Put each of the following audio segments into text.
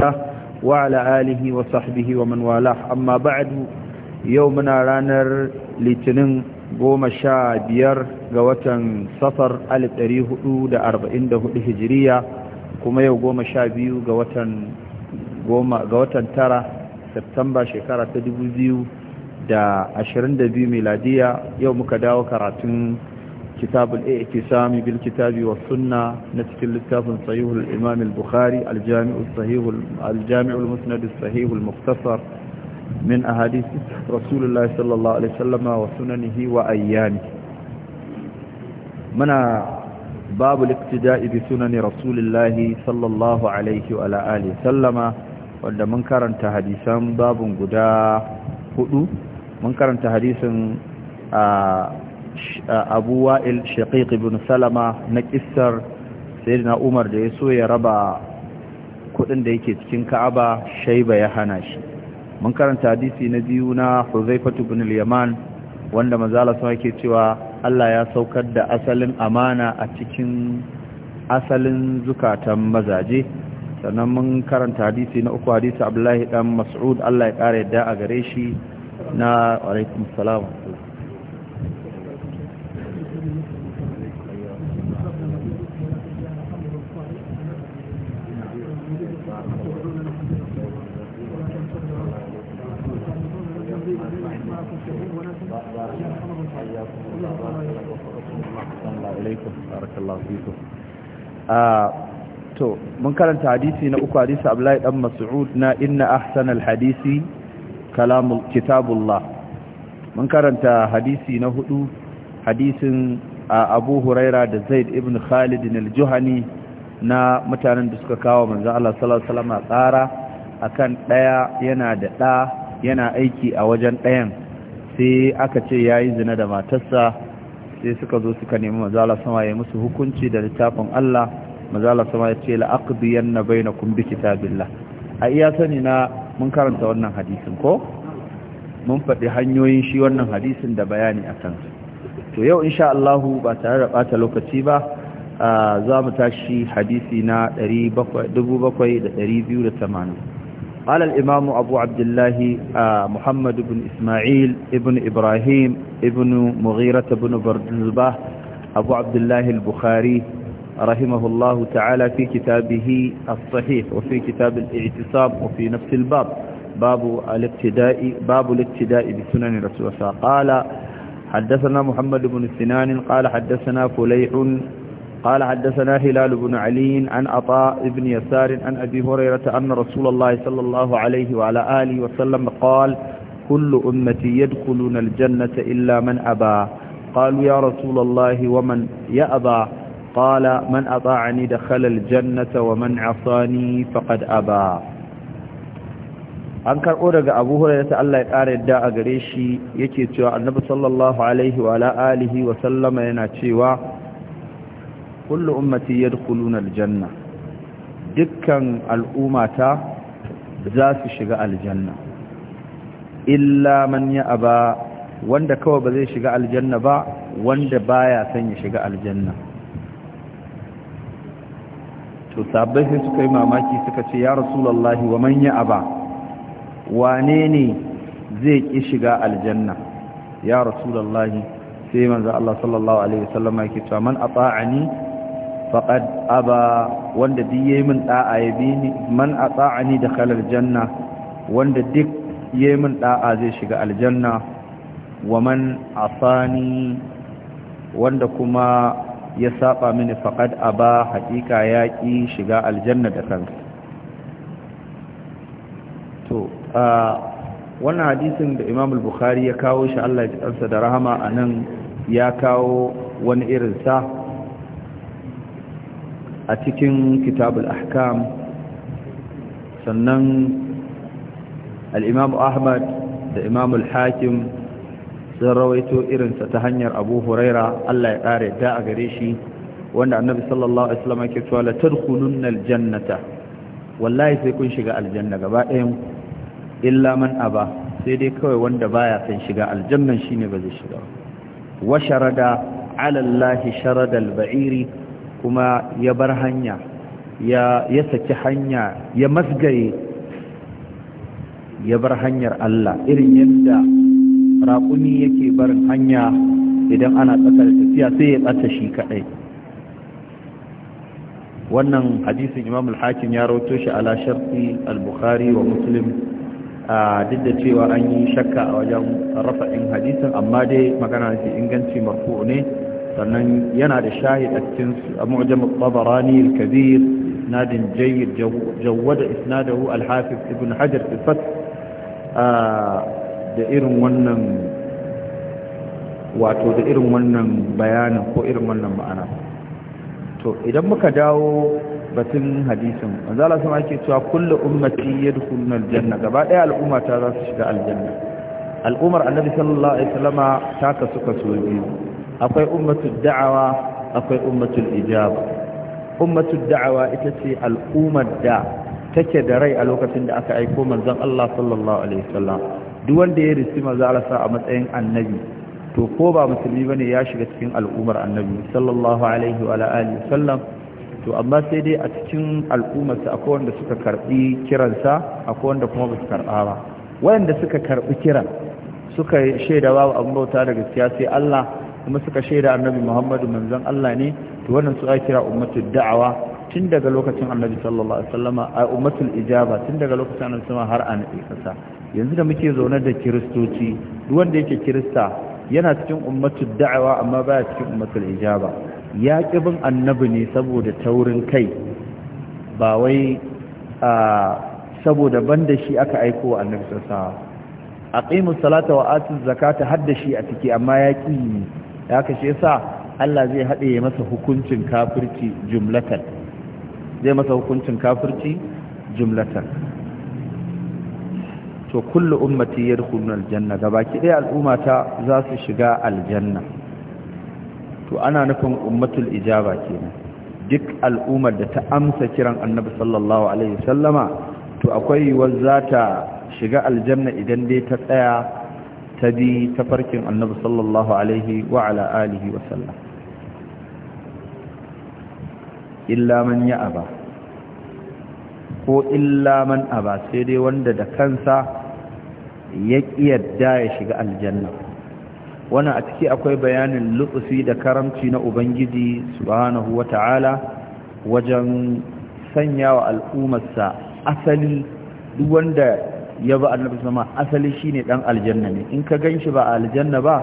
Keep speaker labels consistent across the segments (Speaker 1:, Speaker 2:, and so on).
Speaker 1: ka wa ala'alihi wa sahbihi wa man wala. amma ba'adu yau muna ranar litinin goma sha biyar ga watan safar 1444 ɗari hijiriya kuma yau goma sha biyu ga watan tara septemba shekara ta dubu biyu da miladiya yau muka dawo karatun كتاب الاعتصام بالكتاب والسنة نتكل الكتاب صحيح الإمام البخاري الجامع الصحيح الجامع المسند الصحيح المختصر من أحاديث رسول الله صلى الله عليه وسلم وسننه وأيامه منا باب الاقتداء بسنن رسول الله صلى الله عليه وعلى آله وسلم wanda mun karanta hadisan babun guda hudu mun karanta hadisin a abu wa'il shaqiq ibn salama na ƙisar sayyidina umar da ya so ya raba kudin da yake cikin ka'aba shaiba ya hana shi mun karanta hadisi na biyu na huzaifatu ibn al-yaman wanda manzala sun yake cewa Allah ya saukar da asalin amana a cikin asalin zukatan mazaje sannan mun karanta hadisi na uku hadisi abdullahi dan mas'ud Allah ya kare yadda a gare shi na alaikum salam to mun karanta hadisi na uku hadisi Abdullahi dan Mas'ud na inna ahsanal hadisi kalamul kitabullah mun karanta hadisi na hudu hadisin Abu Huraira da Zaid ibn Khalid al-Juhani na mutanen da suka kawo manzo Allah sallallahu alaihi wasallam tsara akan daya yana da da yana aiki a wajen dayan sai aka ce ya yi zina da matarsa sai suka zo suka nemi mazala sama ya musu hukunci da littafin Allah mazala sama ya ce la'aqdiyan na baina kun bi kitabillah a iya sani na mun karanta wannan hadisin ko mun faɗi hanyoyin shi wannan hadisin da bayani a kansu to yau insha Allah ba tare da bata lokaci ba za mu tashi hadisi na 7280 قال الإمام أبو عبد الله آه، محمد بن إسماعيل ابن إبراهيم ابن مغيرة بن بردلبة أبو عبد الله البخاري رحمه الله تعالى في كتابه الصحيح وفي كتاب الاعتصام وفي نفس الباب باب الابتداء باب الابتداء بسنن رسول الله قال حدثنا محمد بن سنان قال حدثنا فليح قال حدثنا هلال بن علي عن عطاء بن يسار عن أبي هريرة أن رسول الله صلى الله عليه وعلى آله وسلم قال كل أمتي يدخلون الجنة إلا من أبى قالوا يا رسول الله ومن يأبى قال من أطاعني دخل الجنة ومن عصاني فقد أبى an karɓo daga abu hurairah ta Allah ya ƙara yadda a gare shi yake cewa annabi sallallahu alaihi wa alihi wa sallama yana cewa kullu ummati yadkhuluna aljanna dukkan al'ummata za su shiga aljanna illa man ya'aba wanda kawai ba zai shiga aljanna ba wanda baya son ya shiga aljanna to sabbai sai suka yi mamaki suka ce ya rasulullahi wa man ya'aba wane ne zai ki shiga aljanna ya rasulullahi sai manzo Allah sallallahu alaihi wasallam yake cewa man ata'ani faqad aba wanda duk yayi min da'a ya bi ni man ata'ani dakhala janna wanda duk yayi min da'a zai shiga aljanna wa man asani wanda kuma ya saba mini faqad aba hakika ya ƙi shiga aljanna da kansa to wannan hadisin da Imam al-Bukhari ya kawo shi Allah ya tsansa da rahama anan ya kawo wani irin sa a cikin kitabul ahkam sannan al'imamu ahmad da imamul hakim sun rawaito irinsa ta hanyar abu huraira allah ya ƙare da a gare shi wanda annabi sallallahu alaihi wasallam yake cewa la tadkhulunna jannata wallahi sai kun shiga aljanna gaba ɗayan illa man aba sai dai kawai wanda baya san shiga aljannan shine ba zai shiga wa sharada ala allahi sharada albairi kuma ya bar hanya ya saki hanya ya masgaye ya bar hanyar Allah irin yadda raƙuni yake barin hanya idan ana tsakar tafiya sai ya ɓata shi kaɗai wannan hadisin imam al-hakim ya rauto shi ala sharti al-bukhari wa muslim duk da cewa an yi shakka a wajen rafa'in hadisin amma dai magana da ce inganci marfu ne sannan yana da shahid a cikin mu'jam al-tabarani al-kabir nadin jayyid jawwada isnadahu al-hafiz ibn hajar fi fath da irin wannan wato da irin wannan bayanin ko irin wannan ma'ana to idan muka dawo batun hadisin manzo Allah sama yake cewa kullu ummati yadkhuluna janna gaba daya al'umma ta za su shiga aljanna al'ummar annabi sallallahu alaihi wasallama ta kasu kaso biyu akwai ummatul da'awa akwai ummatul ijaba ummatul da'awa ita ce al'ummar da take da rai a lokacin da aka aiko manzon Allah sallallahu alaihi wasallam duk wanda ya risi manzo Allah sa a matsayin annabi to ko ba musulmi bane ya shiga cikin al'ummar annabi sallallahu alaihi wa alihi wasallam to amma sai dai a cikin sa akwai wanda suka karbi kiransa akwai wanda kuma ba su karba ba wanda suka karbi kiran suka shaida babu abin bauta da gaskiya sai Allah kuma suka shaida annabi muhammadu manzon Allah ne to wannan su ake kira ummatul da'awa tun daga lokacin annabi sallallahu alaihi wasallama a ummatul ijaba tun daga lokacin annabi sallallahu har an kasa yanzu da muke zaune da kiristoci duk wanda yake kirista yana cikin ummatul da'awa amma baya cikin ummatul ijaba ya kibin annabi ne saboda taurin kai ba wai saboda banda shi aka aiko wa annabi sallallahu alaihi wasallama aqimus salata wa atuz zakata hadda shi a ciki amma ya ƙi Ya kashe sa Allah zai haɗe masa hukuncin kafirci jumlatan zai masa hukuncin kafirci jumlatan to kullu ummati yadkhuluna aljanna gabaki ɗaya al'umma ta za su shiga aljanna to ana nufin ummatul ijaba kenan duk al'ummar da ta amsa kiran annabi sallallahu alaihi wasallama to akwai yiwuwar za ta shiga aljanna idan dai ta tsaya ta bi tafarkin annabi sallallahu alaihi wa ala alihi wa sallam illa man ya aba ko illa man aba sai dai wanda da kansa ya kiyarda ya shiga aljanna wannan a ciki akwai bayanin lutsusi da karamci na ubangiji subhanahu wata'ala wajen sanya wa al'ummarsa asali duk wanda ya ba annabi sama asali shine dan aljanna ne in ka ganshi ba aljanna ba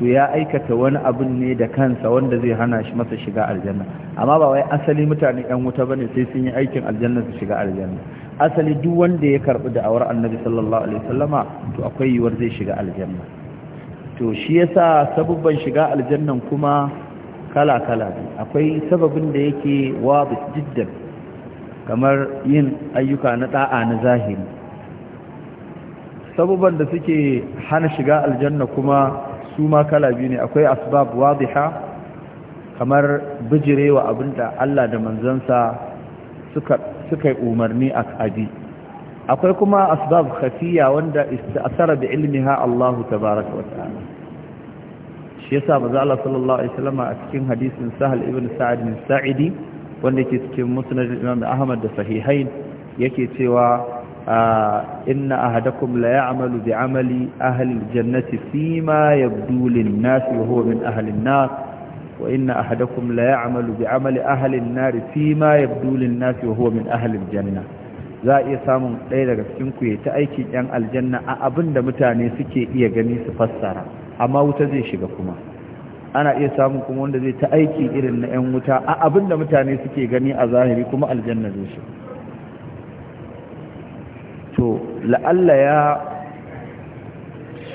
Speaker 1: to ya aikata wani abin ne da kansa wanda zai hana shi masa shiga aljanna amma ba wai asali mutane yan wuta bane sai sun yi aikin aljanna su shiga aljanna asali duk wanda ya karbi da'awar annabi sallallahu alaihi wasallama to akwai yiwuwar zai shiga aljanna to shi yasa sabubban shiga aljannan kuma kala kala ne akwai sababin da yake wa jiddan kamar yin ayyuka na da'a na zahiri sabuban da suke hana shiga aljanna kuma su ma kala biyu ne akwai asbab wadiha kamar bijirewa abinda Allah da manzansa suka suka umarni a kabi akwai kuma asbab khafiya wanda ista'sara bi ilmiha Allah tabaaraka wa ta'ala shi yasa manzo Allah sallallahu alaihi wasallam a cikin hadisin Sahal ibn Sa'id bin Sa'idi wanda yake cikin Musnad Imam Ahmad da Sahihain yake cewa inna ahadakum la ya'malu bi'amali ahli al-jannati fima yabdu lin-nasi wa huwa min ahli an-nar wa inna ahadakum la ya'malu bi'amali ahli an-nar fima yabdu lin-nasi wa huwa min ahli al-janna za iya samun ɗaya daga cikin ku ya ta aikin ƴan aljanna a abinda mutane suke iya gani su fassara amma wuta zai shiga kuma ana iya samun kuma wanda zai ta aiki irin na ƴan wuta a abinda mutane suke gani a zahiri kuma aljanna zai shiga to la'alla ya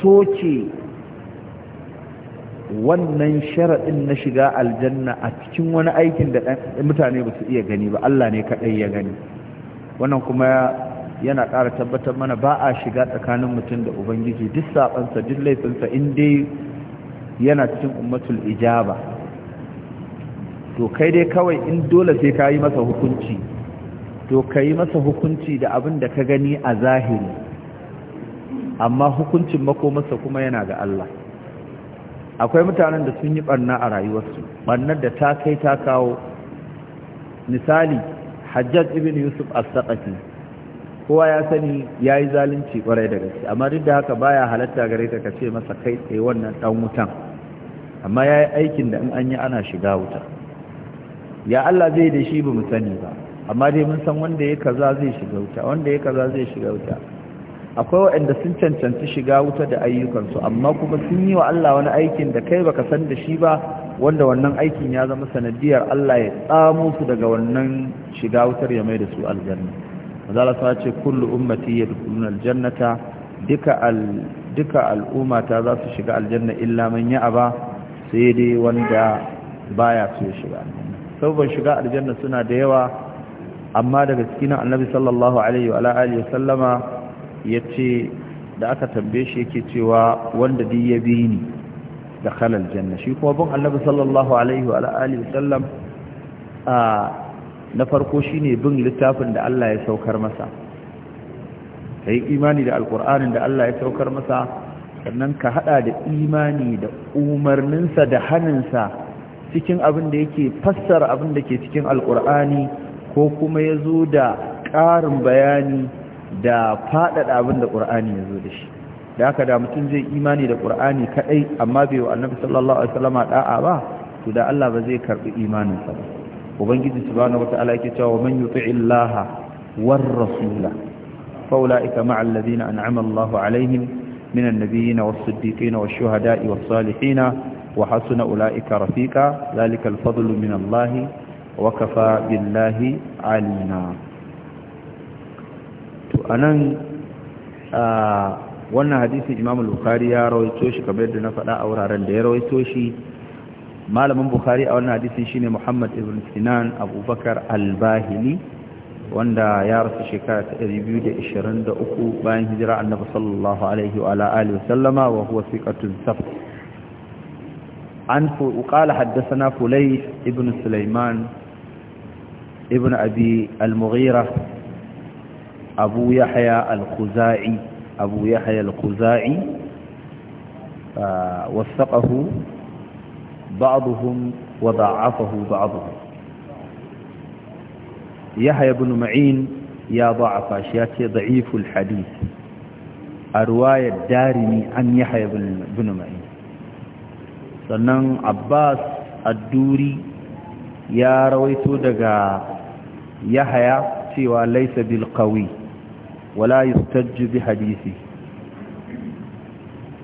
Speaker 1: soke wannan sharaɗin na shiga aljanna a cikin wani aikin da mutane ba su iya gani ba Allah ne kaɗai ya gani wannan kuma yana ƙara tabbatar mana ba a shiga tsakanin mutum da ubangiji duk saɓansa duk laifinsa in dai yana cikin ummatul ijaba to kai dai kawai in dole sai ka yi masa hukunci to ka yi masa hukunci da abin da ka gani a zahiri amma hukuncin mako masa kuma yana ga Allah akwai mutanen da sun yi barna a rayuwarsu barnar da ta kai ta kawo misali hajjaj ibn yusuf as-saqafi kowa ya sani ya yi zalunci kwarai da gaske amma duk da haka baya halatta gare ka ce masa kai tsaye wannan dan wutan amma ya yi aikin da in an yi ana shiga wuta ya Allah zai da shi ba mu sani ba amma dai mun san wanda ya kaza zai shiga wuta wanda ya kaza zai shiga wuta akwai waɗanda sun cancanci shiga wuta da ayyukansu amma kuma sun yi wa Allah wani aikin da kai baka san da shi ba wanda wannan aikin ya zama sanadiyar Allah ya tsamo su daga wannan shiga wutar ya mai da su aljanna mazala sa ce kullu ummati yadkhuluna aljannata duka al duka al'umma ta za su shiga aljanna illa man ya'aba sai dai wanda baya so shiga saboda shiga aljanna suna da yawa amma daga cikin annabi sallallahu alaihi wa alihi sallama yace da aka tambaye shi yake cewa wanda duk ya bi ni da khalal janna shi kuma bin annabi sallallahu alaihi wa alihi sallam a na farko shine bin littafin da Allah ya saukar masa kai imani da alqur'anin da Allah ya saukar masa sannan ka hada da imani da umarninsa da haninsa cikin abin da yake fassara abin da ke cikin alqur'ani ko kuma ya zo da ƙarin bayani da faɗaɗa abin da ƙur'ani ya zo da shi da haka da mutum zai imani da ƙur'ani kaɗai amma bai wa annabi sallallahu alaihi wasallam da'a ba to da Allah ba zai karɓi imaninsa ba ubangiji subhanahu wataala yake cewa man yuti'i Allah war rasula fa ulaika ma'a alladhina an'ama Allah alaihim min an-nabiyyin was-siddiqin wash-shuhada'i was-salihin wa hasuna ulaika rafiqa dhalika al-fadlu min Allah wakafa billahi alina to anan wannan hadisin imam al-bukhari ya rawaito shi kamar yadda na faɗa a wuraren da ya rawaito shi malamin bukhari a wannan hadisin shine muhammad ibn sinan abubakar al-bahili wanda ya rasu shekara ta 223 bayan hijira annabi sallallahu alaihi wa alihi wa sallama wa huwa thiqatun sabt an fu qala haddathana fulai ibn sulaiman ابن أبي المغيرة أبو يحيى الخزاعي أبو يحيى الخزاعي آه، وثقه بعضهم وضعفه بعضهم يحيى بن معين يا ضعف شياتي ضعيف الحديث الرواية الدارمي عن يحيى بن معين sannan عباس الدوري يا رويتو daga yahaya cewa laisa bil qawi wala yustajju bi hadisi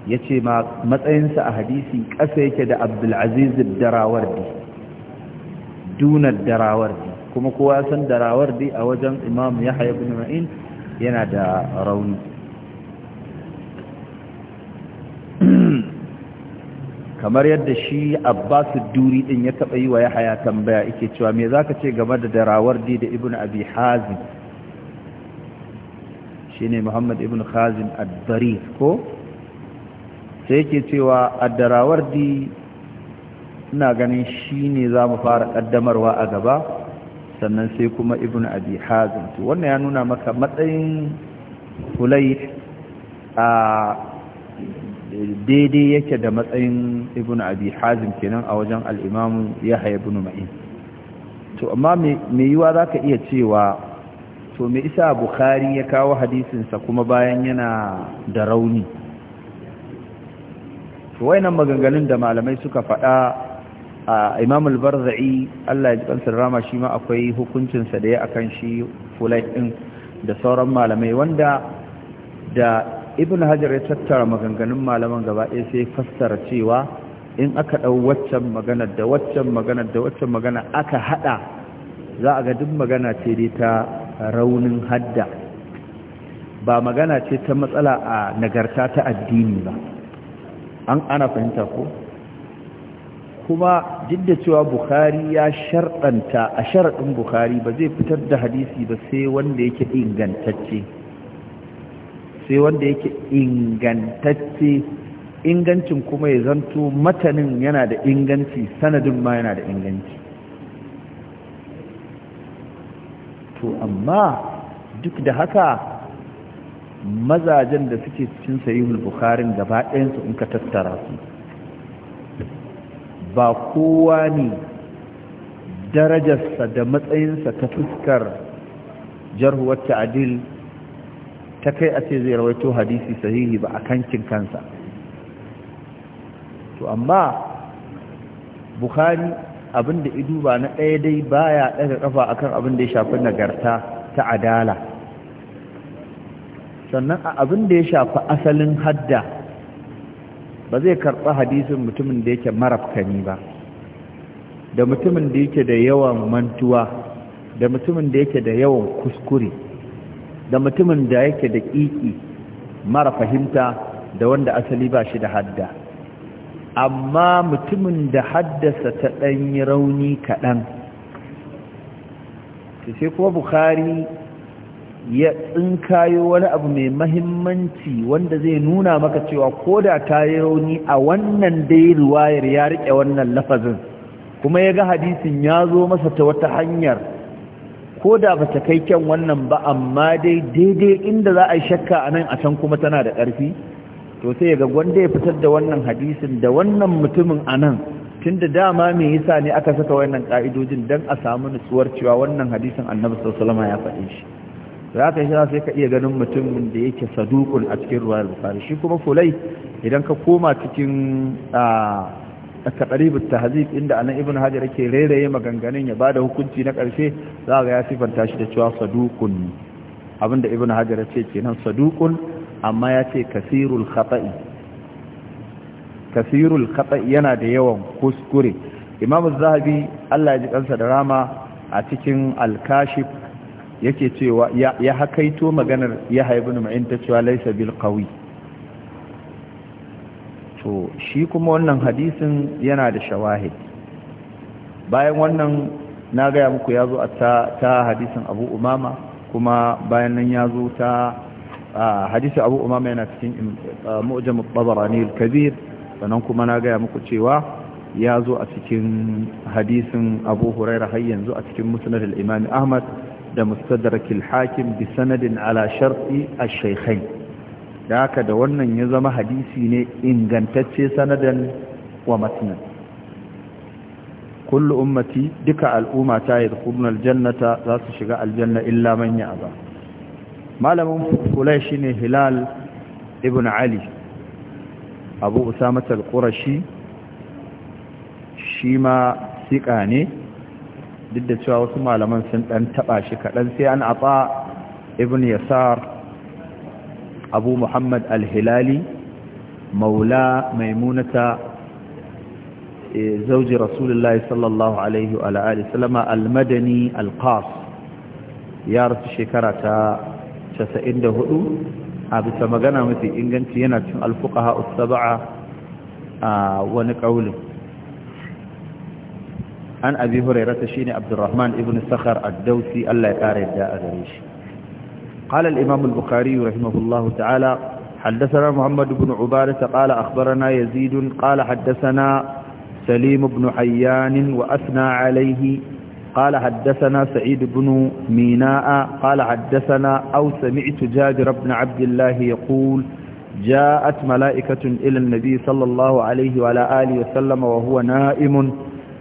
Speaker 1: yace ma matsayinsa a hadisi ƙasa yake da Abdul Aziz darawardi duna darawardi kuma kowa san Darawardi a wajen Imam Yahya ibn Ma'in yana da rauni kamar yadda shi abbas duri din ya taba yi wa ya haya tambaya ike cewa me za ka ce game da darawar di da ibn abi hazin shi ne muhammad ibn hazin adbarir ko sai yake cewa a darawar di ina ganin shi ne za mu fara kaddamarwa a gaba sannan sai kuma ibn abi hazin wannan ya nuna maka matsayin hulai a daidai yake da matsayin ibn abi hazim kenan a wajen al'imamu ya haya ibn ma'in to amma mai yiwa za ka iya cewa to mai isa Bukhari ya kawo hadisinsa kuma bayan yana da rauni to wainan maganganun da malamai suka faɗa a imam al-barza'i Allah ya ji sirrama rama shi ma akwai hukuncinsa da ya akan shi fulai ɗin da sauran malamai wanda da ibn hajar ya tattara maganganun malaman gaba ɗaya sai fassara cewa in aka ɗau waccan magana da waccan magana da waccan magana aka haɗa za a ga duk magana ce dai ta raunin hadda ba magana ce ta matsala a nagarta ta addini ba an ana fahimta ko kuma duk da cewa bukhari ya sharɗanta a sharaɗin bukhari ba zai fitar da hadisi ba sai wanda yake ingantacce sai wanda yake ingantacce ingancin kuma ya zanto matanin yana da inganci sanadin ma yana da inganci to amma duk da haka mazajen da suke cikin sayihul bukharin gaba ɗayansu in ka tattara su ba kowa ne darajarsa da matsayinsa ta fuskar jarhuwar ta'adil ta kai a ce zai rawaito hadisi sahihi ba a kankin kansa to amma bukhari abinda iduba na ɗaya dai ba baya ɗaga ƙafa akan abin da ya shafi nagarta ta adala sannan a abin ya shafi asalin hadda ba zai karɓa hadisin mutumin da yake marafkani ba da mutumin da yake da yawan mantuwa da mutumin da yake da yawan kuskure da mutumin da yake da ƙiƙi mara fahimta da wanda asali ba shi da hadda amma mutumin da haddasa ta ɗanyi rauni kaɗan sai kuma Bukhari ya tsinkayo wani abu mai mahimmanci wanda zai nuna maka cewa ko da ta yi rauni a wannan dai ruwayar ya riƙe wannan lafazin kuma ya ga hadisin ya zo masa ta wata hanyar ko da ba ta kai kyan wannan ba amma dai daidai inda za a yi shakka a nan a can kuma tana da ƙarfi to sai ga gwanda ya fitar da wannan hadisin da wannan mutumin a nan tun da dama mai yasa ne aka saka wannan ƙa'idojin don a samu nutsuwar cewa wannan hadisin annabi sallama ya faɗi shi za ka shi sai ka iya ganin mutumin da yake sadukun a cikin ruwa bukari shi kuma fulai idan ka koma cikin ah, a taqribut tahzib inda anan ibn hajar ke rairaye maganganun ya bada hukunci na karshe za ga ya sifanta shi da cewa saduqun abinda ibn hajar ke kenan sadukun amma yace kasirul khata'i kasirul khata'i yana da yawan kuskure imamu zahabi Allah ya ji kansa da rama a cikin alkashif yake cewa ya hakaito maganar yahya ibn ma'in ta cewa laysa bil qawi to shi kuma wannan hadisin yana da shawahid bayan wannan na gaya muku ya zo ta, ta hadisin abu umama kuma bayan nan ya zo ta hadisin abu umama yana cikin mu'jam tabarani al-kabir sannan kuma na gaya muku cewa ya zo a cikin hadisin abu huraira har yanzu a cikin musnad al ahmad da mustadrak al-hakim bi sanadin ala shar'i ash-shaykhain da haka da wannan ya zama hadisi ne ingantacce sanadan wa matnan kullu ummati duka al'umma ta yadkhuluna aljannata za su shiga aljanna illa man ba. malamin kulai shine hilal ibn ali abu usama al-qurashi shi ma siƙa ne duk da cewa wasu malaman sun ɗan taɓa shi kaɗan sai an aɓa ibn yasar abu muhammad al-hilali maula maimunata eh, zauji rasulullahi sallallahu alaihi wa alihi sallama al-madani al-qas ya rasu shekara ta 94 a bisa magana mafi inganci yana cin alfuqaha as a wani kaulin an abi hurairata shine abdulrahman ibn sakhar ad-dausi Allah ya ƙara da a gare shi قال الإمام البخاري رحمه الله تعالى حدثنا محمد بن عبادة قال أخبرنا يزيد قال حدثنا سليم بن حيان وأثنى عليه قال حدثنا سعيد بن ميناء قال حدثنا أو سمعت جابر بن عبد الله يقول جاءت ملائكة إلى النبي صلى الله عليه وعلى آله وسلم وهو نائم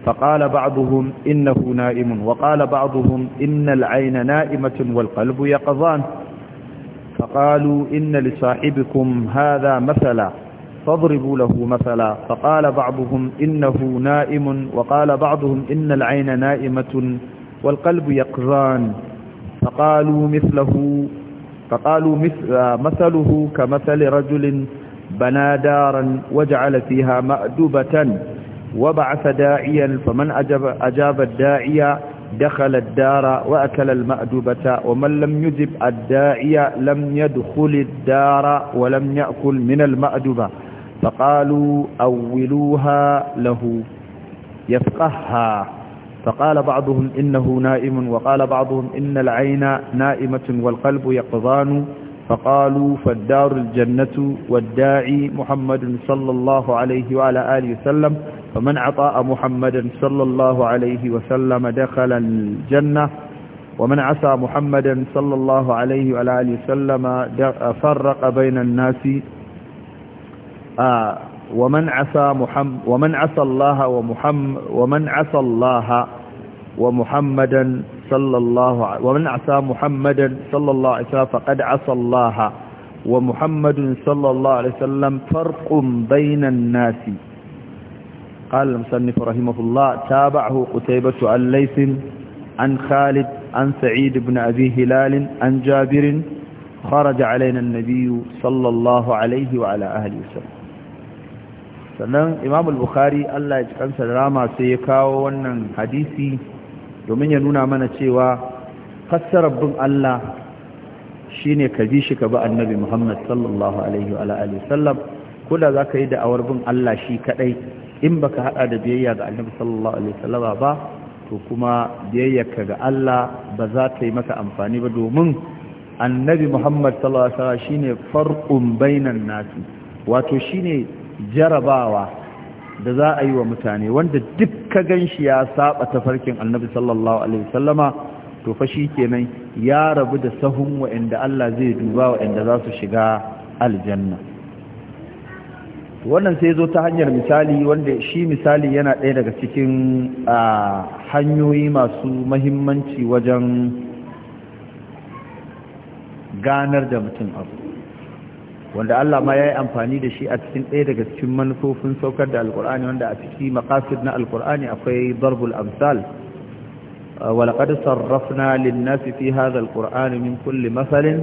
Speaker 1: فقال بعضهم إنه نائم وقال بعضهم إن العين نائمة والقلب يقظان فقالوا إن لصاحبكم هذا مثلا فاضربوا له مثلا فقال بعضهم إنه نائم وقال بعضهم إن العين نائمة والقلب يقظان فقالوا مثله فقالوا مثل مثله كمثل رجل بنى دارا وجعل فيها مأدبة وبعث داعيا فمن أجاب, أجاب الداعي دخل الدار وأكل المأدبة ومن لم يجب الداعي لم يدخل الدار ولم يأكل من المأدبة فقالوا أولوها له يفقهها فقال بعضهم إنه نائم وقال بعضهم إن العين نائمة والقلب يقظان فقالوا فالدار الجنة والداعي محمد صلى الله عليه وعلى آله وسلم فمن عطاء محمدا صلى الله عليه وسلم دخل الجنة ومن عصى محمدا صلى الله عليه وعلى آله وسلم فرق بين الناس آه، ومن عصى محمد ومن عصى الله ومحمد ومن عصى الله ومحمدا صلى الله عليه ومن عصى محمدا صلى الله عليه وسلم فقد عصى الله ومحمد صلى الله عليه وسلم فرق بين الناس قال المصنف رحمه الله تابعه قتيبة عن ليث عن خالد عن سعيد بن أبي هلال عن جابر خرج علينا النبي صلى الله عليه وعلى أهله وسلم sannan imam al-bukhari Allah ya cikansa da rama sai ya kawo wannan hadisi domin ya nuna mana cewa fassarar bin Allah shine ka bi shi ka bi annabi Muhammad sallallahu alaihi wa sallam ko da zaka yi da'awar bin Allah shi kadai in baka haɗa da biyayya ga annabi sallallahu alaihi wasallama ba to kuma biyayyarka ga Allah ba za ta yi maka amfani ba domin annabi Muhammad sallallahu alaihi shi ne farqun bainan nasi wato shine jarabawa da za a yi wa mutane wanda duk ka gan shi ya saba tafarkin annabi sallallahu alaihi wasallama to fa shi kenan ya rabu da sahun wa'anda Allah zai duba wa'anda za su shiga aljanna wannan sai zo ta hanyar misali wanda shi misali yana ɗaya daga cikin hanyoyi masu mahimmanci wajen ganar da mutum abu wanda Allah ma ya yi amfani da shi a cikin ɗaya daga cikin manufofin saukar da alkur'ani wanda a ciki makasid na alkur'ani akwai darbul amsal walaƙad sarrafna linnasi fi haza alkur'ani min kulli masalin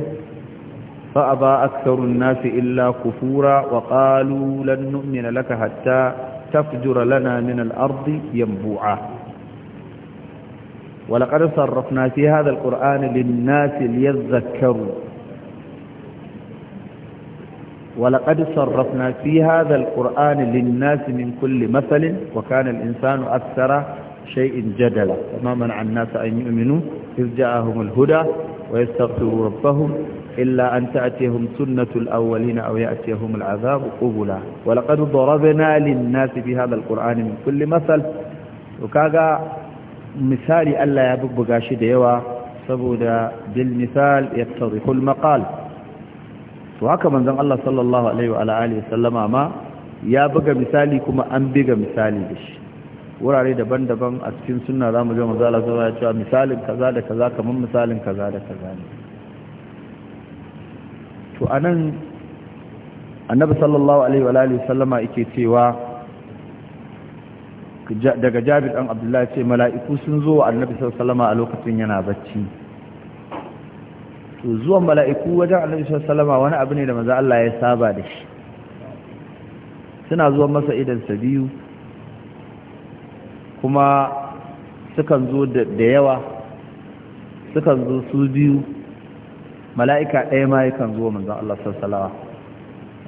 Speaker 1: fa a aba aktharun nasi illa kufura wa qalu lan nu'mina laka hatta tafjura lana min al-ardi yanbu'a sarrafna fi haza هذا القرآن للناس ليذكروا ولقد صرفنا في هذا القرآن للناس من كل مثل وكان الإنسان أكثر شيء جدلا وما منع الناس أن يؤمنوا إذ جاءهم الهدى ويستغفروا ربهم إلا أن تأتيهم سنة الأولين أو يأتيهم العذاب قبلا ولقد ضربنا للناس في هذا القرآن من كل مثل وكاغا مثال ألا يبقى شديوا سبودا بالمثال يتضح المقال to haka manzon Allah sallallahu alaihi wa alihi sallama ma ya buga misali kuma an buga misali da shi wurare daban-daban a cikin sunna zamu ga manzon Allah sallallahu alaihi wa alihi misalin kaza da kaza kamar misalin kaza da kaza ne to anan annabi sallallahu alaihi wa alihi sallama yake cewa daga jabir dan abdullahi ce mala'iku sun zo annabi sallallahu alaihi wa a lokacin yana bacci to zuwan mala'iku wajen annabi sallallahu wani abu ne da maza Allah ya saba da shi suna zuwan masa idan sa biyu kuma sukan zo da yawa sukan zo su biyu mala'ika ɗaya ma yakan zo manzon Allah sallallahu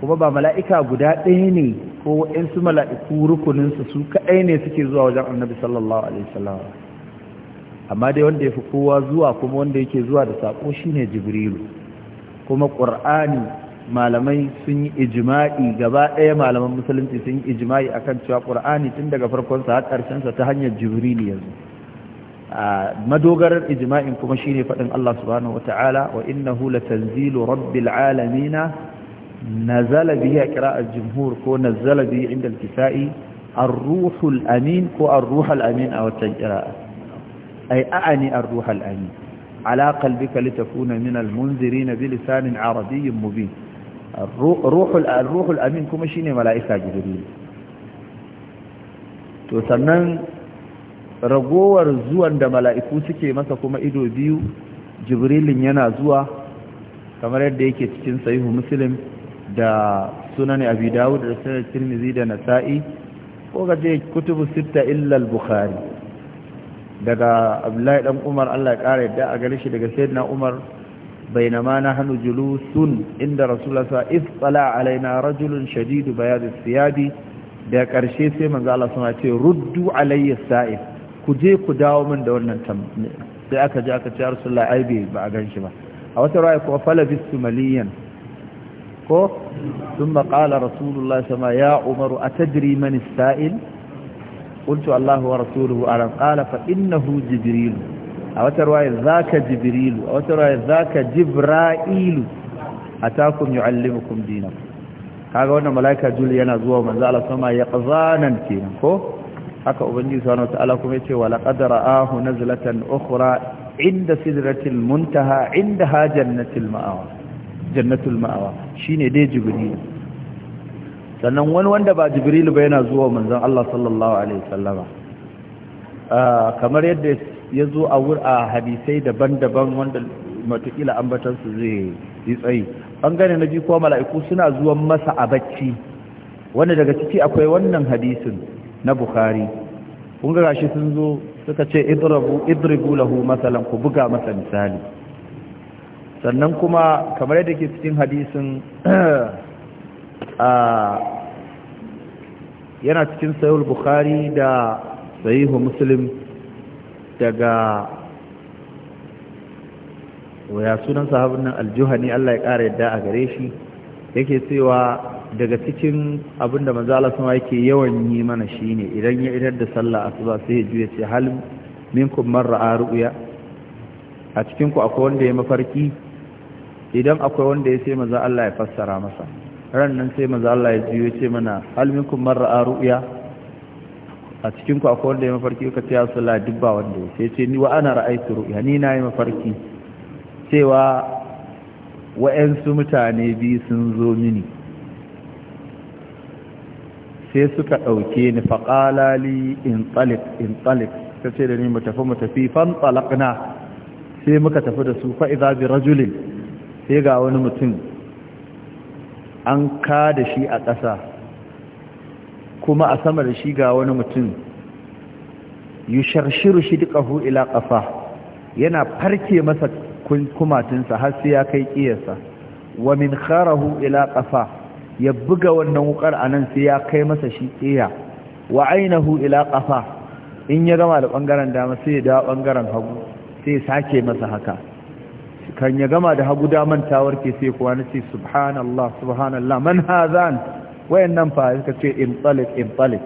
Speaker 1: kuma ba mala'ika guda ɗaya ne ko su mala'iku rukuninsu su kaɗai ne suke zuwa wajen annabi sallallahu alaihi wasallam amma dai wanda ya fi kowa zuwa kuma wanda yake zuwa da saƙo shine jibrilu kuma ƙur'ani malamai sun yi ijima'i gaba ɗaya malaman musulunci sun yi ijima'i akan cewa ƙur'ani tun daga farkonsa har ƙarshensa ta hanyar jibrilu yanzu madogarar ijima'in kuma shine faɗin Allah subhanahu wata'ala wa innahu latanzilu rabbil alamin nazala kira a jumhur ko nazala bihi inda al-kisa'i ruhul amin ko an ruhul amin a watan kira. أي أعني الروح الأمين على قلبك لتكون من المنذرين بلسان عربي مبين الروح, الروح الأمين كما شيني ملائكة جبريل تسنن ragowar zuwan da mala'iku suke masa kuma ido biyu jibrilin yana zuwa kamar yadda yake cikin sa'ihu muslim da sunan abi dawud da sunan tirmidhi da nasa'i ko ga dai kutubu sitta illa al daga abdullahi dan umar Allah ya kara yadda a gare shi daga sayyidina umar bainama julu julusun inda rasulullah sa isqala alaina rajulun shadidu bayad siyabi da karshe sai manzo Allah sama ce ruddu alayya sa'id ku je ku dawo min da wannan tambaye sai aka je aka ce rasulullah ai bai ba a ganshi ba a wata ra'ayi ko falabistu maliyan ko thumma qala rasulullah sama ya umaru atadri man sail qultu Allahu wa rasuluhu alam qala fa innahu jibril a wata ruwaya zaka jibril a wata ruwaya zaka jibril atakum yuallimukum dinakum kaga wannan malaika juli yana zuwa manzo sama ya qazanan kenan ko haka ubangiji subhanahu wataala kuma yace wala qad ra'ahu nazlatan ukhra inda sidratil muntaha indaha jannatul ma'awa jannatul ma'awa shine dai jibril sannan wani wanda ba jibrilu ba yana zuwa manzon Allah sallallahu alaihi wasallama ah, kamar yadda ya zo a wura hadisai daban-daban wanda matukila su zai yi tsayi gane na biyu ko mala'iku suna zuwan masa a bacci wanda daga ciki akwai wannan hadisin na bukhari kun ga shi sun zo suka ce idrabu idribu lahu masalan ku buga masa misali sannan kuma kamar yadda ke cikin hadisin yana cikin sayul bukhari da sayihu muslim daga waya sunan sahabin nan aljuhani Allah ya ƙara yadda a gare shi yake cewa daga cikin abinda manzo Allah yake yawan yi mana shine idan ya idar da sallah asuba sai ya juya ce hal minkum man ra'a ru'ya a cikin ku akwai wanda ya mafarki idan akwai wanda ya sai manzo Allah ya fassara masa ran nan sai maza Allah ya ya ce mana alminkum marra a ru'ya a cikin ku akwai wanda ya mafarki ka ce ya sala dubba wanda ya sai ce ni wa ana ra'aitu ru'ya ni na yi mafarki cewa wa'yansu mutane biyu sun zo mini sai suka ɗauke ni faƙalali li in tsalik in Ka ce da ni mu tafi mu tafi fan sai muka tafi da su fa'iza bi rajulin sai ga wani mutum an ka da shi a ƙasa kuma a sama da shi ga wani mutum sharshiru shi duƙahu ila ƙafa yana farke masa kumatinsa har sai ya kai ƙiyarsa wa min kharahu ila ƙafa ya buga wannan wuƙar a nan sai ya kai masa shi ƙiya wa ainihu ila ƙafa in ya gama da ɓangaren dama sai ya dawo ɓangaren hagu sai sake masa haka kan ya gama da hagu mantawar ke warke sai kuwa na ce subhanallah subhanallah man hazan nan fa suka ce intalik intalik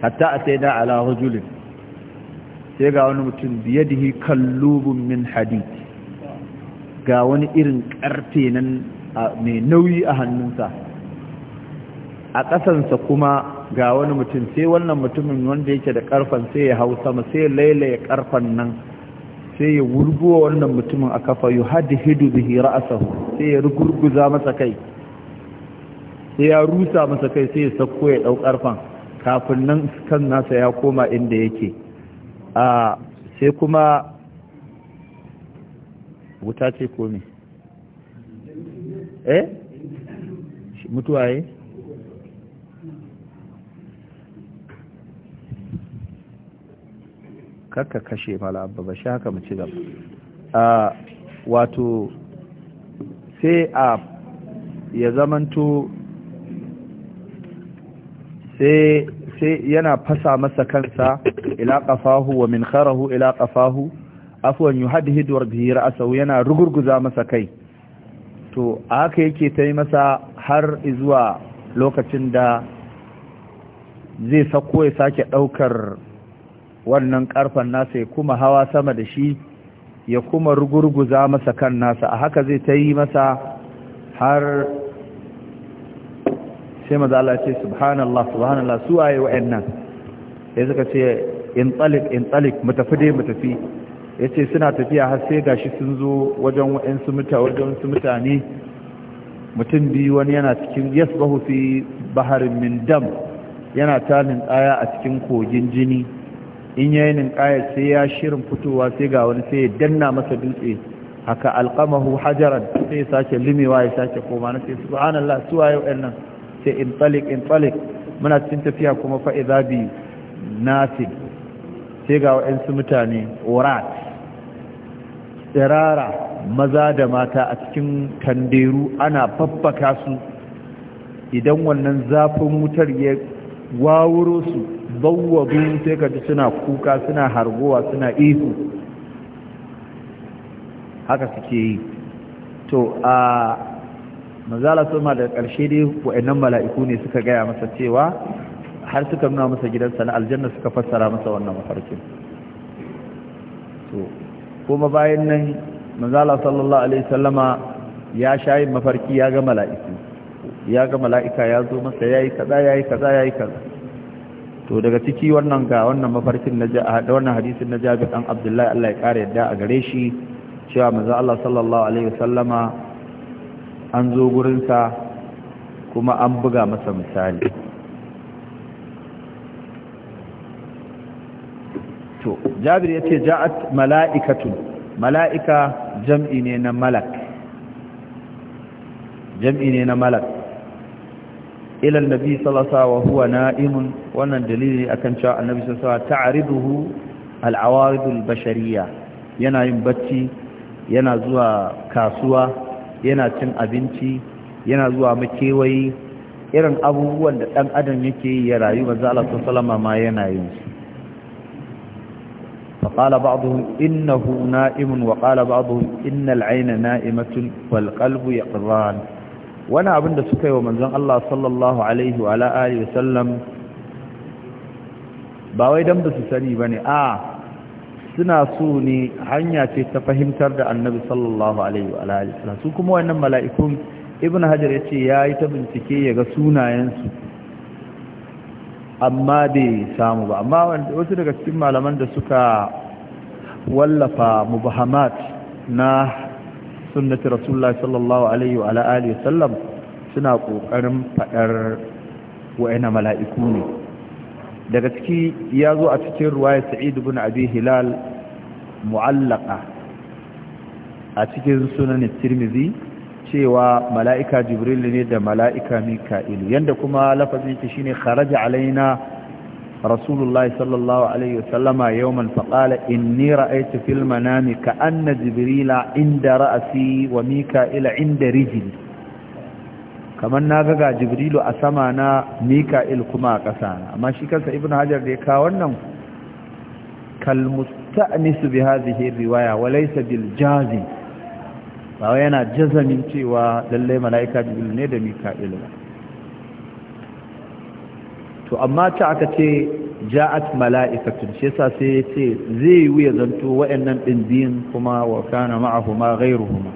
Speaker 1: hatta da ala rajulin sai ga wani mutum biyadihi kallubun min hadid ga wani irin karfe nan mai nauyi a hannunsa a kasansa kuma ga wani mutum sai wannan mutumin wanda yake da ƙarfan sai ya hau sama sai ya karfan nan sai ya wurguwa wannan mutumin a kafa yi haddi hidu a sahu sai ya rugurguza masa kai sai ya rusa masa kai sai ya sako ya ɗaukar fan kafin nan kan nasa ya koma inda yake a sai kuma wuta ce komi eh mutuwa yi kakka kashe mala abba ba shi haka mu ci gaba a wato sai a ya zamanto sai yana fasa masa kansa ila qafahu wa min kharahu ila qafahu afwan yuhaddid wa bihi ra'sahu yana rugurguza masa kai to haka yake ta yi masa har zuwa lokacin da zai sako ya sake daukar wannan karfan nasa ya kuma hawa sama da shi ya kuma rugurguza masa kan nasa a haka zai ta yi masa har sai mazala ce subhanallah subhanallah su waye nan? ya suka ce in tsalik in tsalik mu tafi dai mu tafi ya ce suna tafiya har sai gashi sun zo wajen su mutane wajen su mutane mutum biyu wani yana cikin bahu fi baharin min dam yana talin tsaya a cikin kogin jini in yayi ninƙaya sai ya shirin fitowa sai ga wani sai ya danna masa dutse haka alqamahu hajaran sai ya sake limewa ya sake koma na sai subhanallah su wayo ɗannan sai in talik in talik muna cikin tafiya kuma fa idza bi nasib sai ga waɗansu mutane urat tsirara maza da mata a cikin kanderu ana babbaka su idan wannan zafin wutar ya wawuro su bawwadu sai ka ji suna kuka suna hargowa suna ihu haka suke yi to a mazala soma da ƙarshe dai wa'annan mala'iku ne suka gaya masa cewa har suka nuna masa gidansa na aljanna suka fassara masa wannan mafarkin to kuma bayan nan mazala sallallahu alaihi sallama ya sha yin mafarki ya ga mala'iku ya ga mala'ika ya zo masa ya yi kaza ya yi kaza ya yi kaza to daga ciki wannan ga wannan mafarkin na da wannan hadisin na jabi ɗan abdullahi allah ya ƙara yadda a gare shi cewa maza allah sallallahu alaihi wasallama an zo gurinsa kuma an buga masa misali to jabir ya ce ja'at mala'ikatun mala'ika jam'i ne na malak jam'i ne na malak ila annabi sallallahu alaihi wa huwa na'imun wannan dalili akan cewa annabi sallallahu alaihi ta'riduhu al-awarid al-bashariyya yana yin bacci yana zuwa kasuwa yana cin abinci yana zuwa makewayi irin abubuwan da dan adam yake yi ya rayu manzo Allah sallallahu ma yana yin su فقال بعضهم إنه نائم وقال بعضهم إن العين نائمة والقلب يقران wani abin da suka yi wa manzon Allah sallallahu alaihi wa alihi sallam ba wai dan su sani ne, a suna so ne hanya ce ta fahimtar da annabi sallallahu alaihi wa alihi su kuma wannan mala'ikun ibn hajar ya yace yi ta bincike ya ga sunayensu amma bai samu ba amma wasu daga cikin malaman da suka wallafa mubahamat na sunnati rasulullah sallallahu alaihi wa alihi suna kokarin fadar wa'ina mala'iku ne daga ciki ya zo a cikin ruwaya sa'id ibn abi hilal mu'allaqa a cikin sunan tirmizi cewa mala'ika jibril ne da mala'ika mika'il yanda kuma lafazin shi shine kharaja alaina رسول الله صلى الله عليه وسلم يوما فقال إني رأيت في المنام كأن جبريل عند رأسي وميكائيل عند رجلي kamar na ga jibrilu a sama na mika'il kuma a ƙasa na amma shi kansa ibn hajar da ya kawo wannan kalmusta'nisu bi hadhihi riwaya wa laysa bil jazim ba yana jazamin cewa lalle mala'ika jibril ne da mika'il ba to amma ta aka ce ja'at mala'ikatun shi yasa sai ya ce zai yi ya zanto wa'annan din biyun kuma wa kana ma'ahuma ghairuhuma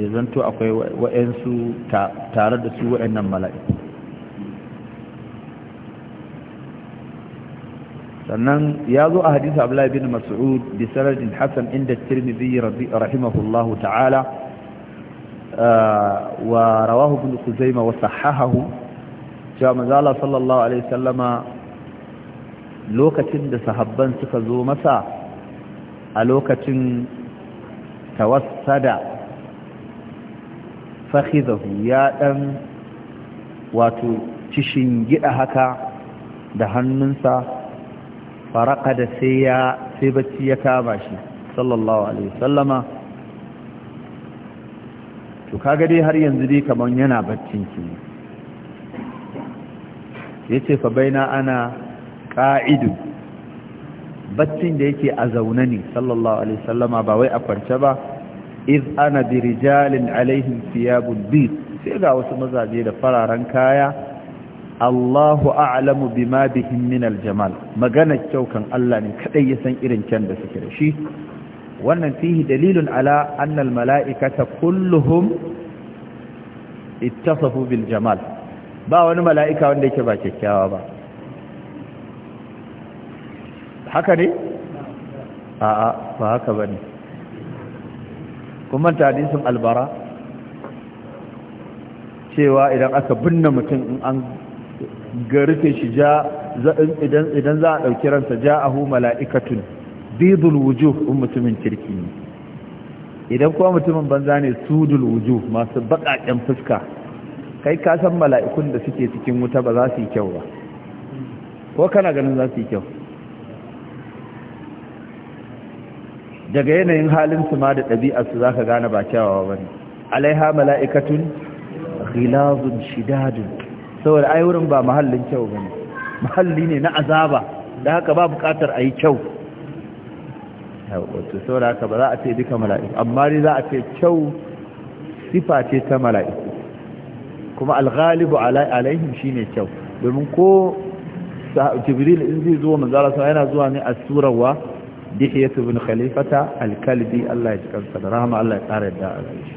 Speaker 1: ya zanto akwai wa'ansu tare da su wa'annan mala'iku sannan ya zo a hadisi abdullahi bin mas'ud bi sanadin hasan inda tirmidhi rahimahullahu ta'ala uh, wa rawahu bin khuzaimah wa sahahahu cewa mazala sallallahu alaihi sallama lokacin da sahabban suka zo masa a lokacin tawassada fakhidahu ya ɗan wato cishin gida haka da hannunsa faraka da sai ya sai bacci ya kama shi sallallahu alaihi sallama to kaga dai har yanzu dai kaman yana baccin ki yace fa baina ana ƙa'idu baccin da yake a zaune ne sallallahu alaihi sallama ba wai a kwance ba iz ana bi rijalin alaihim thiyabun bi sai ga wasu mazaje da fararen kaya Allahu a'lamu bima bihin min aljamal magana kyau kan Allah ne kadai ya san irin kyan da suke da shi wannan fihi dalilun ala anna mala'ikata kulluhum ittasafu bil jamal ba wani mala'ika wanda yake ba kyakkyawa ba haka ne? a'a ba haka ba ne kuma ta albara cewa idan aka binne mutum in an garife shi ja idan za a ɗauki ransa ja hu mala'ikatun bidul wujuh in mutumin kirki ne idan kuma mutumin banza ne sudul wujuh masu baƙaƙen fuska kai ka san mala'ikun da suke cikin wuta ba za su yi kyau ba ko kana ganin za su yi kyau daga yanayin halin su ma da ɗabi'arsu za ka gane ba kyawawa ba ne alaiha mala'ikatun ghilazun shidadun saboda ai wurin ba mahallin kyau ba ne mahalli ne na azaba da haka ba buƙatar a yi kyau wato saboda haka ba za a ce duka mala'iku amma ne za a ce kyau sifa ce ta mala'iku kuma alghalibu alaihim shine kyau domin ko jibril in zai zo manzara sa yana zuwa ne a surawa dihiyat ibn khalifata alkalbi Allah ya cikarsa da rahama Allah ya tsara da alaihi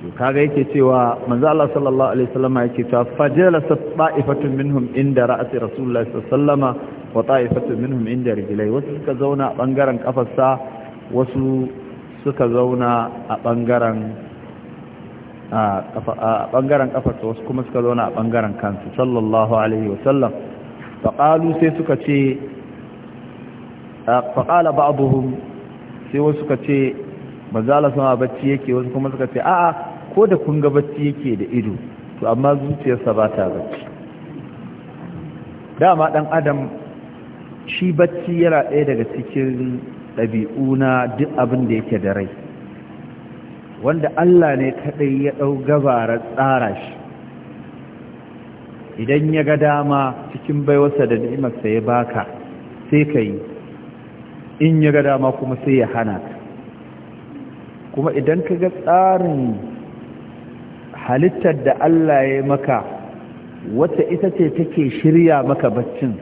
Speaker 1: to kaga yake cewa manzo Allah sallallahu alaihi wasallam yake cewa fajalasa ta'ifatun minhum inda ra'si rasulullah sallallahu alaihi wa ta'ifatun minhum inda rijlai wasu suka zauna a bangaren kafarsa wasu suka zauna a bangaren a ɓangaren ƙafarsa wasu kuma suka zauna a ɓangaren kansu sallallahu alaihi wasallam faƙalu sai suka ce faƙala ba abuhun sai wasu suka ce ba za sama bacci yake wasu kuma suka ce a'a ko da kun ga bacci yake da ido to amma zuciyarsa ba ta bacci dama ɗan adam shi bacci yana ɗaya daga cikin ɗabi'u na duk abin da yake da rai wanda Allah ne kaɗai ya ɗau gabarar tsara shi idan ya ga dama cikin baiwarsa da ni'imarsa ya baka sai ka yi in ya ga dama kuma sai ya hana ka kuma idan ka ga tsarin halittar da Allah ya maka wata ita ce take shirya maka baccin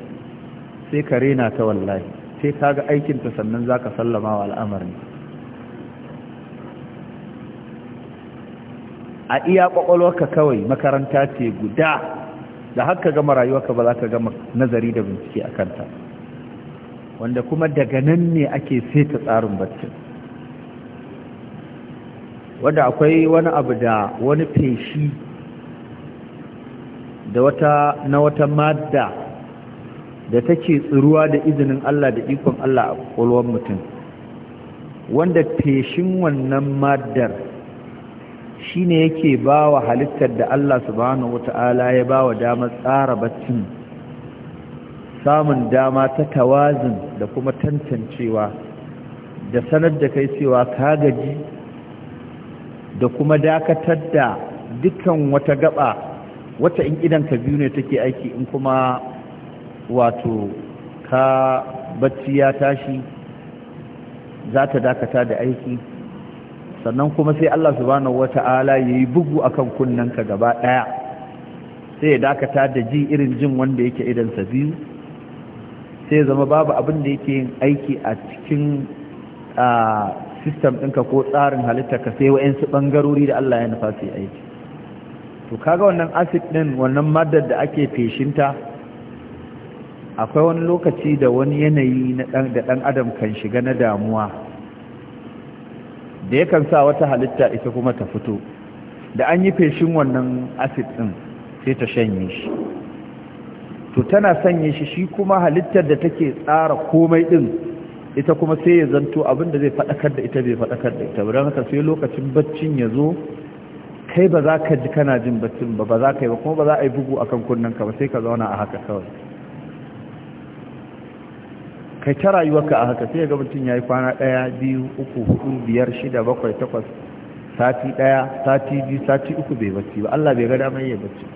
Speaker 1: sai ka rena ta wallahi sai ka ga aikinta sannan za ka sallama wa al'amarin a iya kwakwalwarka kawai makaranta ce guda da haka gama rayuwarka ba za ka gama nazari da bincike a kanta wanda kuma daga nan ne ake seta tsarin baccin wanda akwai wani abu da wani feshi da na wata madda da take tsiruwa da izinin Allah da ikon Allah a kwakwalwar mutum wanda feshin wannan maddar shi ne yake bawa halittar da Allah subhanahu wata'ala ya bawa damar tsara baccin samun dama ta tawazin da kuma tantancewa da sanar da kai cewa ka gaji da kuma dakatar da dukkan wata gaba wata in idan ka biyu ne take aiki in kuma wato ka bacci ya tashi za ta dakata da aiki sannan kuma sai Allah subhanahu wata'ala yayi bugu akan kunnanka gaba daya sai ya dakata da ji irin jin wanda yake idan sa biyu sai zama babu abin da yake yin aiki a cikin system ɗinka ko tsarin halitta ka sai wa'ansu ɓangarori da Allah ya nufa su aiki to kaga wannan acid ɗin wannan madar da ake feshinta akwai wani lokaci da wani yanayi da ɗan adam kan shiga na damuwa da yakan sa wata halitta ita kuma ta fito da an yi feshin wannan acid din sai ta shanye shi to tana sanye shi shi kuma halittar da take tsara komai din ita kuma sai ya zanto abinda zai faɗakar da ita bai fadakar da ita don haka sai lokacin baccin ya zo kai ba za ka ji kana jin baccin ba ba za ka yi ba kuma ba za a yi bugu akan kunnen ka ba sai ka zauna a haka kawai kai ta rayuwarka a haka sai ga mutum ya yi kwana ɗaya biyu uku hudu biyar shida bakwai takwas sati ɗaya sati biyu sati uku bai bacci ba Allah bai ga damar yi bacci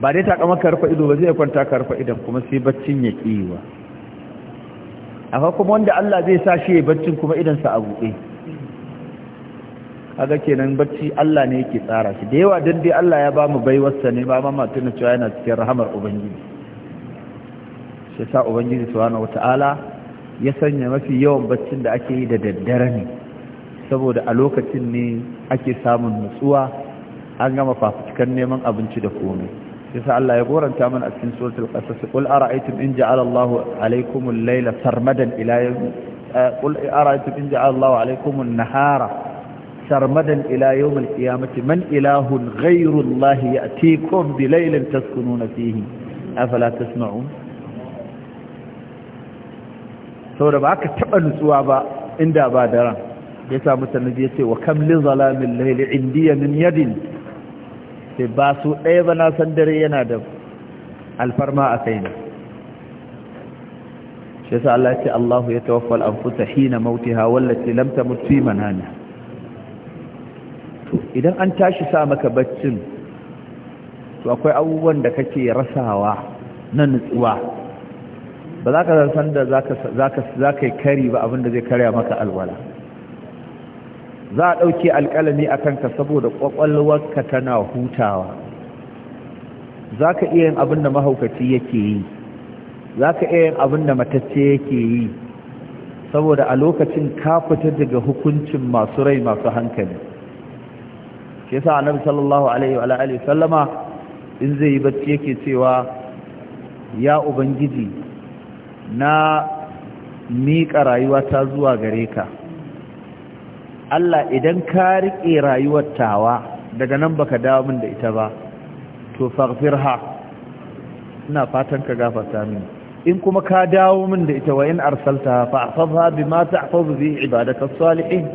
Speaker 1: ba dai ta kama karfa ido ba zai kwanta karfa idan kuma sai baccin ya kiwa akwai kuma wanda Allah zai sa shi ya baccin kuma idansa a buɗe kaga kenan bacci Allah ne yake tsara shi da yawa dan dai Allah ya ba mu baiwarsa ne ba ma tuna cewa yana cikin rahamar ubangiji shi sa ubangiji subhanahu wata'ala ya sanya mafi yawan baccin da ake yi da daddare ne saboda a lokacin ne ake samun nutsuwa an gama fafutukan neman abinci da komai shi sa Allah ya goranta mana a cikin suratul qasas qul ara'aytum in ja'ala Allahu alaykum al-layla sarmadan ila yawm eh, qul ara'aytum in ja'ala Allahu alaykum an-nahara سرمدا إلى يوم القيامة من إله غير الله saboda ba aka taɓa nutsuwa ba inda ba daren ya samu sanadi ya ce wa kam li zalamin laili indiya min yadin sai ba su ɗaya ba na san dare yana da alfarma a kai ne shi yasa Allah ya ce Allah ya tawaffa al hina mauti wallati lam lamta fi manamiha idan an tashi sa maka baccin to akwai abubuwan da kake rasawa na nutsuwa ba za ka zarsan da za ka yi kari ba abinda zai karya maka alwala za a ɗauke alƙalami a kanka saboda ƙwaƙwalwarka tana hutawa za ka iya yin abin da mahaukaci yake yi za ka iya yin abin matacce yake yi saboda a lokacin ka fita daga hukuncin masu rai masu hankali Ke sa a annabi sallallahu alaihi wa alaihi sallama in zai yi bacci yake cewa ya ubangiji na miƙa rayuwata zuwa gare ka Allah idan ka riƙe rayuwar tawa daga nan baka dawo min da ita ba to faghfirha ina fatan ka gafarta min in kuma ka dawo min da ita wa in arsalta fa ahfazha bima tahfazu bi ibadaka salihin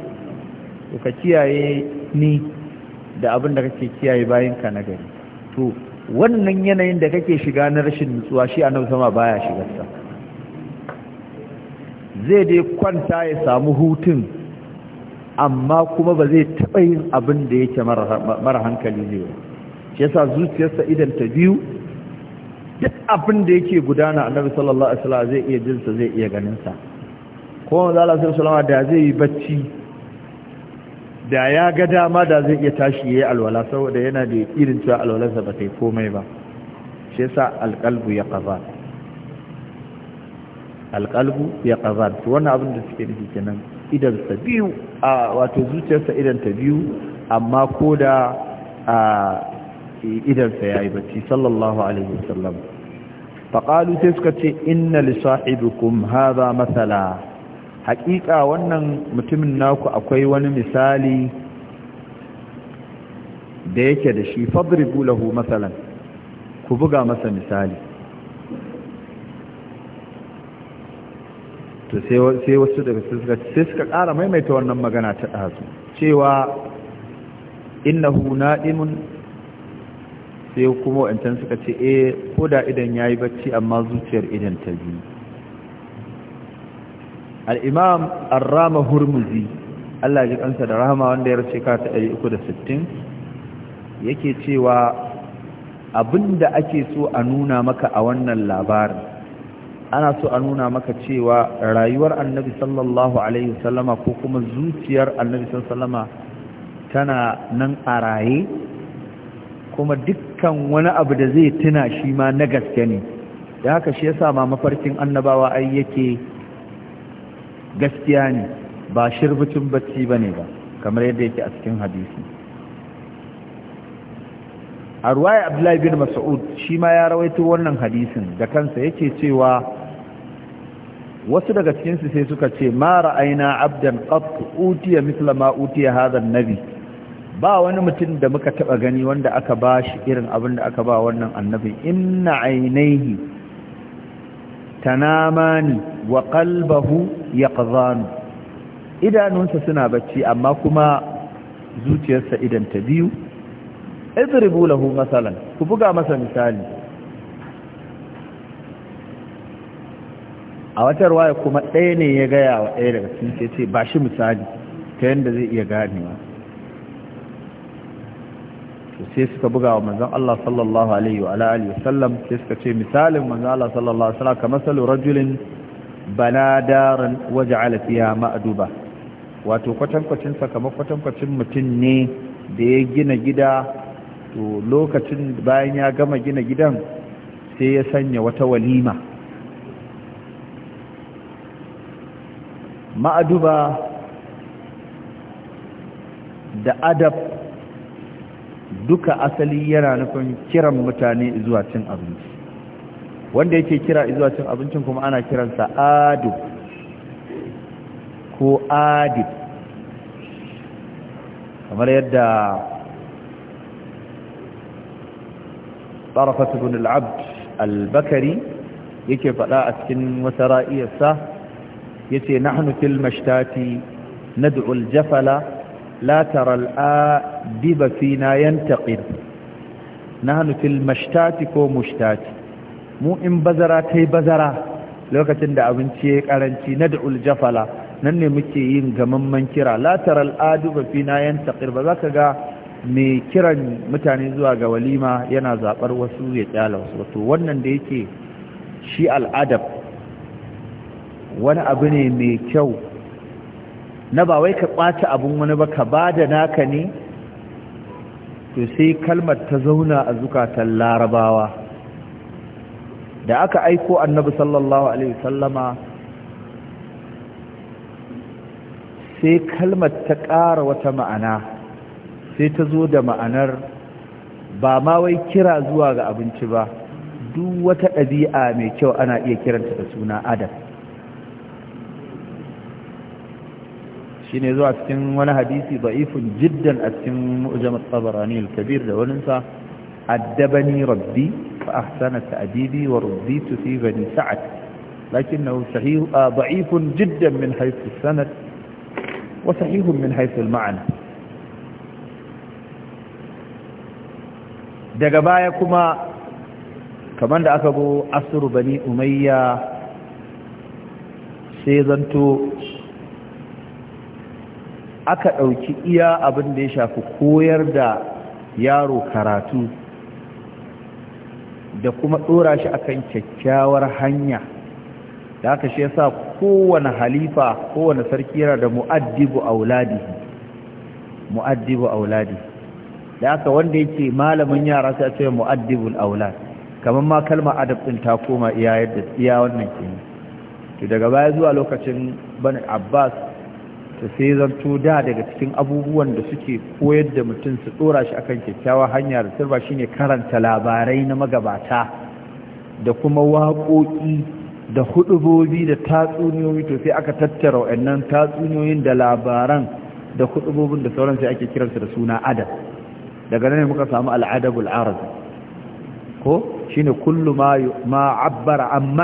Speaker 1: to ka kiyaye ni da abin da kake kiyaye bayan ka na gari to wannan yanayin da kake shiga na rashin nutsuwa shi a nan sama baya shigarsa sa zai dai kwanta ya samu hutun amma kuma ba zai taɓa yin abin da yake mara hankali ne ba shi yasa zuciyarsa idan ta biyu duk abin da yake gudana annabi sallallahu alaihi wasallam zai iya jinsa zai iya ganinsa ko wanda Allah sallallahu da zai yi bacci da ya ga dama da zai iya tashi yayi alwala saboda yana da irin cewa alwalarsa ba ta komai ba shi yasa alqalbu ya qaza alƙalbu ya ƙazan su wani abin da suke nufi kenan ta biyu a wato zuciyarsa ta biyu amma ko da idan ya yi bacci sallallahu alaihi wasallam faƙalu sai suka ce inna sahibikum hadha matsala haƙiƙa wannan mutumin naku akwai wani misali da yake da shi fadribu lahu matsalan ku buga masa misali to sai wasu daga suka sai suka kara maimaita wannan magana ta dazu cewa innahu na'imun sai kuma wancan suka ce eh ko da idan yayi bacci amma zuciyar idan ta biyu al-imam ar-rama hurmuzi Allah ya kansa da rahama wanda ya race ka 360 yake cewa abinda ake so a nuna maka a wannan labarin ana so a nuna maka cewa rayuwar annabi sallallahu alaihi wasallama ko kuma zuciyar annabi sallallahu tana nan a raye kuma dukkan wani abu da zai tuna shi ma na gaske ne da haka shi yasa ma mafarkin annabawa ai yake gaskiya ne ba shirbucin bacci bane ba kamar yadda yake a cikin hadisi a ruwaya abdullahi bin mas'ud shi ma ya rawaito wannan hadisin da kansa yake cewa wasu daga cikinsu sai suka ce ma aina abdan qat utiya mithla ma utiya hadha annabi ba wani mutum da muka taba gani wanda aka ba shi irin abin da aka ba wannan annabi inna ainihi tanamani wa qalbuhu yaqzan idanunsa suna bacci amma kuma zuciyarsa idan ta biyu idribu lahu masalan ku buga masa misali a wata ruwaya kuma ɗaya ne ya gaya wa ɗaya daga cikin sai ce ba shi misali ta yadda zai iya ganewa sai suka buga wa manzon Allah sallallahu alaihi wa alihi wasallam sai suka ce misalin manzon Allah sallallahu alaihi wasallam kamar salu rajulin bana daran waje fiha ma'duba wato kwatankwacin sakamakon kwacin mutum ne da ya gina gida to lokacin bayan ya gama gina gidan sai ya sanya wata walima ma'aduba da adab duka asali yana nufin kiran mutane zuwa cin abinci wanda yake kira zuwa cin abincin kuma ana kiransa adab ko adib kamar yadda طرفة بن العبد yake faɗa a cikin wata ra'iyarsa yace nahnu fil mashtati nad'u al jafala la tara al adiba fina yantaqid nahnu fil mashtati ko mushtati mu in bazara tai bazara lokacin da abinci ya karanci nad'u al jafala nan ne muke yin gamamman kira la tara al adiba fina yantaqid ba zaka ga mai kiran mutane zuwa ga walima yana zaɓar wasu ya tsala wasu wato wannan da yake shi al'adab wani abu ne mai kyau na ba wai ka ɓata abin wani ba ka ba da naka ne to sai kalmar ta zauna a zukatan larabawa da aka aiko annabi sallallahu alaihi sallama sai kalmar ta ƙara wata ma'ana sai ta zo da ma'anar ba ma wai kira zuwa ga abinci ba duk wata ɗabi'a mai kyau ana iya kiranta da suna adam شيني زوا اتكن ولا حديثي ضعيف جدا اتكن مؤجم الطبراني الكبير لولنسا ادبني ربي فأحسن تأديبي ورديت في بني سعد لكنه صحيح آه، ضعيف جدا من حيث السند وصحيح من حيث المعنى دقبايا كما كمان دا أكبو أسر بني أمية سيدنتو aka ɗauki iya abin da ya shafi koyar da yaro karatu da kuma ɗora shi a kan kyakkyawar hanya da aka shi yasa kowane halifa kowane sarki yana da mu'addibu auladi mu'addibu auladi da aka wanda yake malamin yara sai a ce mu'addibul aulad kamar ma kalma adab din ta koma iya yadda iya wannan kenan to daga baya zuwa lokacin bani abbas to sai zanto da daga cikin abubuwan da suke koyar da mutum su tsora shi akan kyakkyawa, hanya da turba ne karanta labarai na magabata da kuma waƙoƙi da hudubobi da tatsuniyoyi to sai aka tattara wa'annan tatsuniyoyin da labaran da hudubobin da sauran sai ake kiransa da suna adab daga nan muka samu al'adabul arab ko shine kullu ma ma abbara an